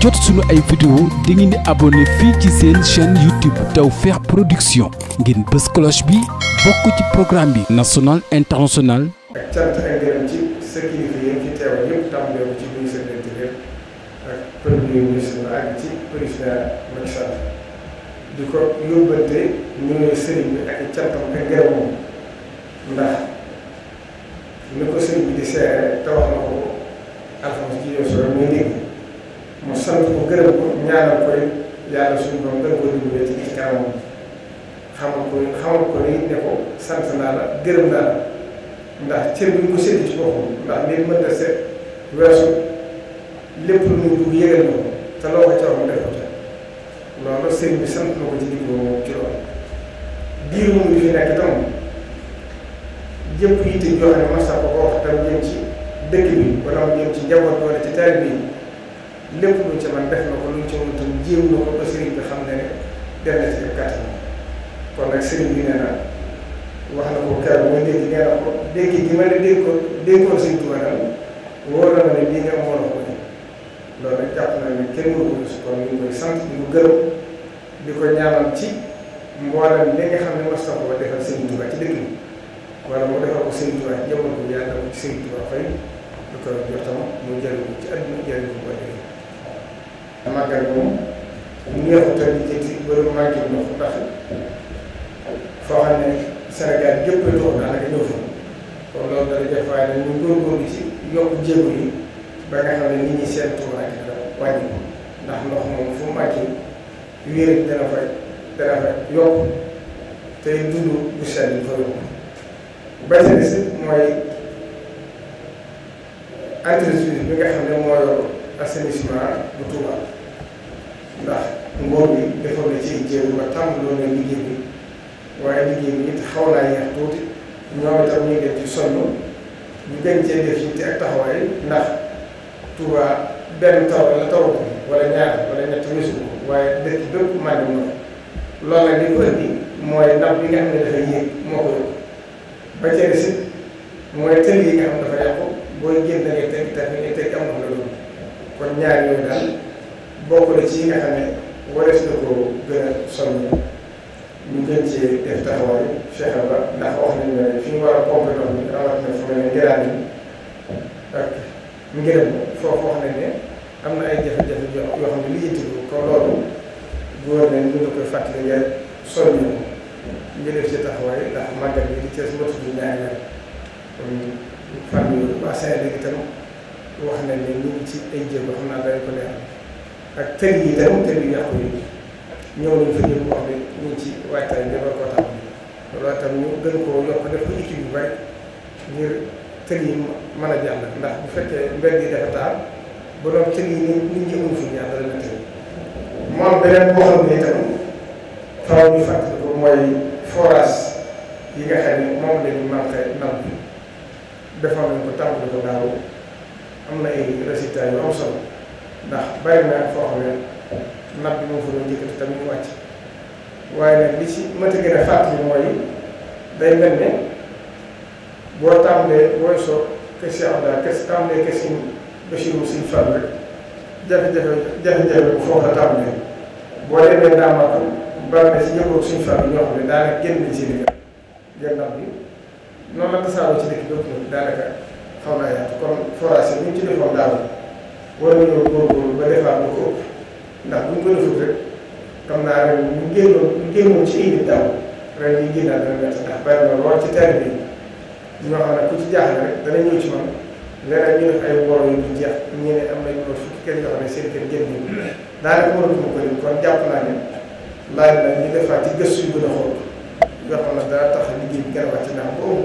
jot suñu ay vidéo da ngeen di abonné fii ci seen chaîne YouTube Tawfekh Production ngeen bës cloche bi bokk ci programme bi national international ak cant ak gërëm ci sa kilifa yi yëpp tàmbalee ko ci de l'Intérieur ak premier ministre ak ci président Macky Sall ndax ni ko sëriñ bi di seere te wax na ko sant ko gërëm ko ñaanal ko rek yàlla suñu borom gën ko dimbalee ci ci kanamam xamal ko xamal ko ni ne ko sant naa la gërëm naa la ndax cër bi ko sédd ci boppam ndax léegi mën set weesu lépp lu muy dugg yëgal na ko te loo ko cawam def ko ca loolu sëñ bi sant na ko ci digg boobu ci loolu diir mu ngi fi nekk itam jëpp yitte joo xam ne masa ko ko wax tam jëm ci dëkk bi wala mu jëm ci njaboot wala ci taal lépp luñ ci man def na ko luñ ci mën tam jéem na ko ba sëriñ bi xam ne ne def na ci kàttan kon nag sëriñ bi nee na wax na ko kar ba léegi nee na ko dégg gi ma ne dénkoon dénkoon sëriñ Tuuba daal wóor na ma ne lii nga mën a ko ni loolu nag jàpp na ne kenn ko gis kon ñu koy sant di ko gërëm di ko ñaanal ci mboolem li nga xam ne mas na ko defal sëriñ Tuuba ci dëkk bi wala mu defal ko sëriñ Tuuba jëmal ko yàlla ko ci sëriñ Tuuba fay lu ko jox tam mu jëriñ ko ci àdduna jëriñ ko màggal moom neexutal yi ci bërëb màggal ndox ndax foo xam ne Sénégal yëpp a dox daanaka ñëw fa kon loolu dana def waaye nag ñu góorgóorlu ci yokk jéego yi ba nga xam ne nit ñi seen tur ak dana wàññi ndax ndox moom fu mu màggee wéer dana fa dana fa yokk te dund bu sell fa yokk ba ci des mooy entreprise bi nga xam assainissement bu Touba ndax nguur bi defoon na ci jéego ba tàmbaloon na liggéey bi waaye liggéey bi it xaw naa yéex tuuti ñoom itam ñu ngi ci sonn ñu gën cee def yitte ak taxawaay ndax Touba benn taw la taw ko wala ñaar wala ñett wisu ko waaye dëkk bépp màgg na loolu nag li ko indi mooy ndax bi nga xam ne dafay yéeg moo ko ba ca des it mooy tënk yi nga dafa yàqu booy génn da ngay tënk tamit ñaari yooyu daal bokk na ci yi nga xam ne warees na ko gën a soññ ñu gën ci def taxawaay fexe ba ndax wax nañu fi ñu war a pompe ndox mi rawatina fu mel ne ngiraan yi ak ngirëm foofu wax nañ ne am na ay jafe-jafe yoo xam ne lijjanti ko kon loolu góor nañ ñu koy fàttali nga soññ ko ñu def ci taxawaay ndax màggal bi di Cees motu bi ñaari weer kon fan yu waa Sénégal itam wax na ne ñu ngi ci ay jéego xam naa dañ ko leeral ak kër yi tam kër yu yàqu yi ñëw nañ fa jëm wax ne ñu ngi ci waajtaay bi war koo taxaw loolu tam ñu gën koo yokk def ko équipe yu bari ngir kër yi mën a jàll ndax bu fekkee mbedd yi dafa taal ba doon kër yi ni nit ñi amul fi ñaar dara la tëj moom beneen boo xam ne itam taw bi fàttali ko mooy forage yi nga xam ne moom la ñu manqué napp defoon nañ ko tàmbali ko daaw am na ay résultats yu am solo ndax bari naa foo xam ne napp bi mu wàcc waaye li ci mën a gën a fàttali mooy day mel ne boo tàmbalee booy soo kër am daal kër si tàmbalee kër si Bachir mu Sëñ Fall rek jafe-jafe jafe-jafe bu foofu la tàmbalee boo demee daamata bari na si yëngu Sëñ Fall ñoo xam ne daanaka génn nañ si diggante jël napp bi noonu la tasaaroo ci dëkk bi daanaka. xaw naa yaatu kon forage yi ñu ci defoon daaw war nañoo góorgóorlu ba defaat lu ko ndax bu ñu ko defut rek xam naa ren ñu génnoon ñu génnoon ci indi daaw ren ñu génnaat dana métti ndax bari na lool ci terre bi ñoo xam ne ku ci jaaxle rek dana ñëw ci man leneen ñu def ay woro yu ñu jeex ñu ne am nañu loolu fukki kër yoo xam ne seen kër génn ñu daanaka mënatuma ko lim kon jàpp naa ne laaj na ñu defaat ci gëstu yu gën a xool yoo xam ne dana tax liggéey bi gën a wàcc ndax boobu